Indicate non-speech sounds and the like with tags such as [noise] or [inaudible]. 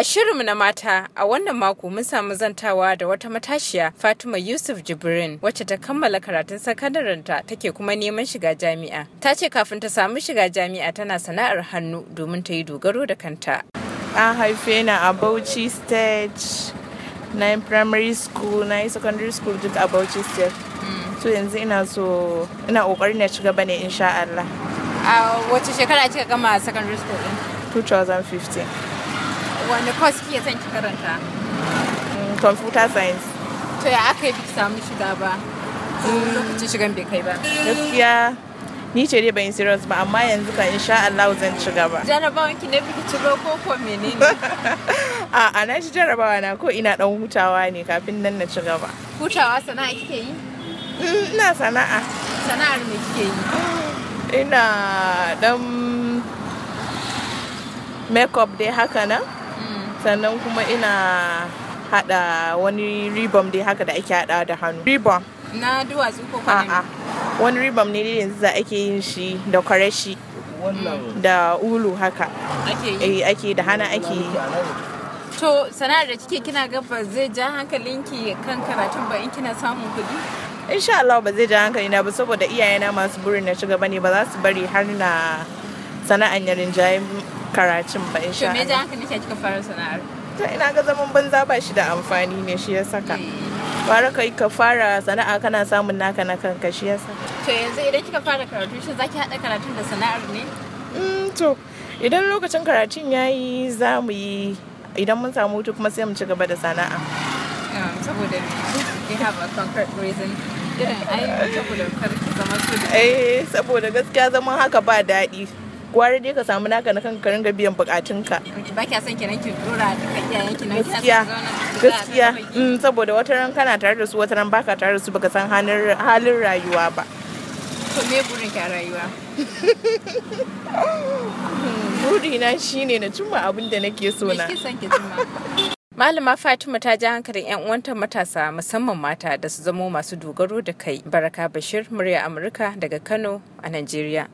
A shirinmu na mata a wannan mako mun samu zantawa da wata matashiya Fatima Yusuf Jibrin wacce ta kammala karatun sakandarenta take kuma neman shiga jami'a. Ta ce kafin ta samu shiga jami'a tana sana'ar hannu domin ta yi dogaro da kanta. An haife na a Bauchi State, na primary school, na yi secondary school duk a Bauchi State. So mm. yanzu ina so ina kokari na ci gaba ne insha Allah. A wace shekara kika gama secondary school din? 2015. wani course kike zan ki karanta mm, computer science to ya aka yi samu shiga ba lokacin shigan bai kai ba gaskiya ni ce dai ban serious ba amma yanzu kan insha Allah zan ci gaba [laughs] jarabawan ki ne biki ci ba ko ko menene [laughs] a a na ci jarabawa na ko ina dan hutawa ne kafin nan na ci gaba hutawa sana'a kike yi mm, ina sana'a sana'ar me kike yi ina dan makeup dai haka nan sannan kuma ina hada wani ribam dai haka da ake hada da hannu ribam na duwatsu ko a'a wani ribam ne dai yanzu za ake yin shi da kwarashi da ulu haka ake eh, da hana ake yi to sana'ar da kike kina gaba zai ja hankalinki kan karatun ba in kina samun kuɗi insha Allah ba zai ja hankali na ba saboda iyayena masu burin na shiga bane ba za su bari har na sana'an yarin jaye karacin ba insha Allah. me haka nake kika fara sana'ar? Ta ina ga zaman banza ba shi da amfani ne shi ya saka. Fara eh. kai ka fara sana'a kana samun naka na kanka shi ya saka. To yanzu idan kika fara karatu shi zaki haɗa karatun da sana'ar ne? Mm, to idan lokacin karatun ya yi za mu yi idan mun samu hutu kuma sai mu ci gaba da sana'a. Ah, saboda you have a concrete reason. ai saboda zama Eh saboda gaskiya zaman haka ba daɗi. gwara dai ka samu naka na kanka ringa biyan bukatunka ba kya son kenan ki dora duka iyayenki na gaskiya gaskiya mm, saboda wata ran kana tare da su wata ran baka tare da su baka san halin rayuwa ba to me burin ka rayuwa [laughs] na shine na cimma abin da nake so na Malama Fatima ta ji hankalin 'yan uwanta matasa musamman mata da su zamo masu dogaro da kai. Baraka Bashir, murya Amurka daga Kano a Najeriya.